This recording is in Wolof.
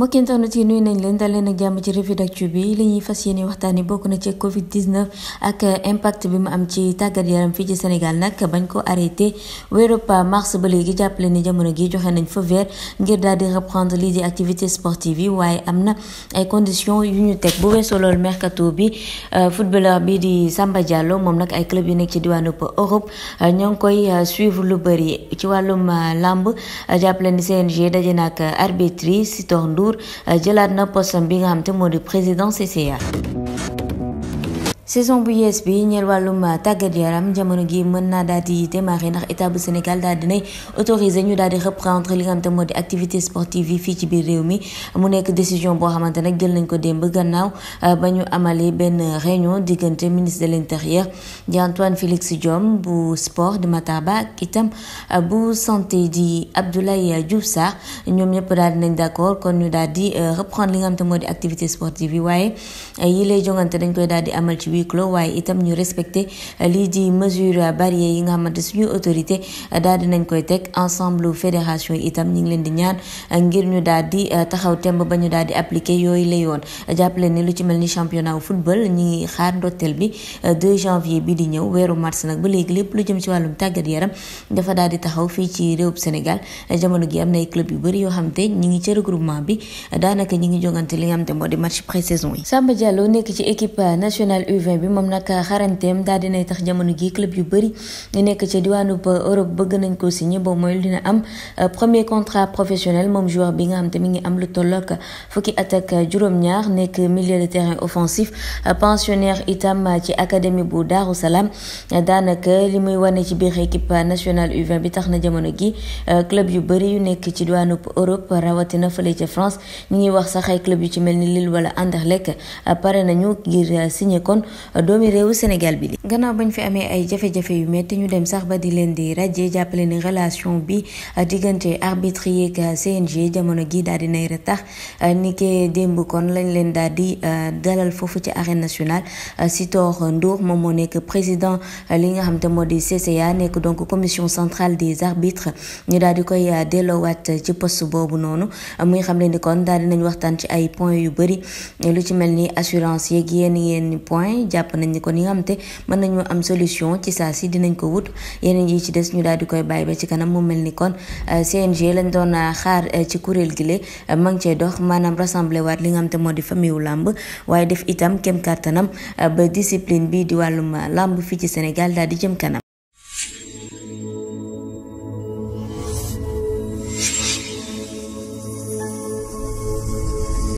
mbokk internet yi nuyu nañ leen dal leen ak jàmm ci revue d'actu bi li ñuy fas yéene waxtaanee bokk na ci Covid 19 ak impact bi mu am ci tàggat yaram fii ci Sénégal nag bañ ko arrêté weerub mars ba léegi jàppale ni jamono gi joxe nañ fa ngir daal di reprendre lii di activité sportive yi waaye am na ay conditions yu ñu teg bu weesoo loolu mercato bi euh, footballeur bi di Samba Diallo moom nag ay club yu nekk ci diwaanu Europe euh, ñoo ngi koy euh, suivre lu bëri ci wàllum làmb jàppale ni CNG daje na ak arbitre Sitor Ndour Ndour jëlaat na postam bi nga xam te moo di président CCA saison bu yees bi ñeel wàllum tàggat yaram jamono gi mën naa daal di démarrer ndax état bu Sénégal daal dinay autorisé ñu daal di reprendre li nga moo di activité sportive yi fii ci biir réew mi mu nekk décision boo xamante nag jël nañ ko démb gannaaw euh, ba ñu amalee benn réunion diggante ministre de l'intérieur di Antoine Félix Diome bu sport di Matar Ba ak itam euh, bu santé di Abdoulaye Diouf Sarr ñoom ñëpp daal nañ d'accord kon ñu daal di euh, reprendre li nga moo di activité sportive yi waaye yi dañ koy daal di amal ci huis clos waaye itam ñu respecté euh, lii di mesure barrière yi nga xamante suñu autorité euh, daal nañ koy teg ensemble fédération itam ñu ngi leen di ñaan euh, ngir ñu daal di taxaw temb ba ñu daal di appliqué yooyu la yoon jàppale ni lu ci mel ni championnat wu football ñu ngi xaar ndorteel bi 2 janvier bi di ñëw weeru mars nag ba léegi lépp lu jëm ci wàllum tàggat yaram dafa daal di taxaw fii ci réewum Sénégal jamono gi am na club yu bëri yoo xam te ñu ngi ci regroupement bi daanaka ñu ngi jongante li nga xam di match pré saison yi 2020 bi moom nag xarañteem daal dinay tax jamono gi club yu bëri nekk ca diwaanu Europe bëgg nañ ko signé boo mooy dina am euh, premier contrat professionnel moom joueur bi nga xam te mi ngi am lu fukki juróom-ñaar nekk milieu de terrain offensif euh, pensionnaire itam ci académie bu Daaru Salaam daanaka li muy wane ci biir équipe nationale u bi tax na jamono gi euh, club yu bëri yu nekk ci diwaanu Europe rawatina fële ca France ñi ngi wax sax ay club yu ci mel ni Lille wala Anderlecht pare nañu ngir signé kon doomi réewu Sénégal bi li gannaaw bañ fi amee ay jafe-jafe yu metti ñu dem sax ba di leen di rajjee jàppale ni relation bi diggante arbitre yeeg CNG jamono gi daal di nay retax ni kee démb kon lañ leen daal di euh, dalal foofu ci arène nationale Sitor Ndour moom moo nekk président li nga xam te moo di CCA nekk donc commission centrale des arbitres ñu daal di koy euh, delloowaat ci post boobu noonu muy xam leen ni kon daal di waxtaan ci ay points yu bëri lu ci mel ni assurance yeeg yenn yenn point jàpp nañ ni ko ni nga xam te mën nañoo am solution ci saa si dinañ ko wut yeneen yi ci des ñu daal di koy bàyyi ba ci kanam mu mel ni kon euh, CNG lañ doon euh, xaar euh, ci kuréel gi le ma ngi cee dox maanaam rassemblé waat li nga xam te moo di famille wu làmb waaye def itam kem kàttanam ba discipline bi di wàllum làmb fii ci Sénégal daal di jëm kanam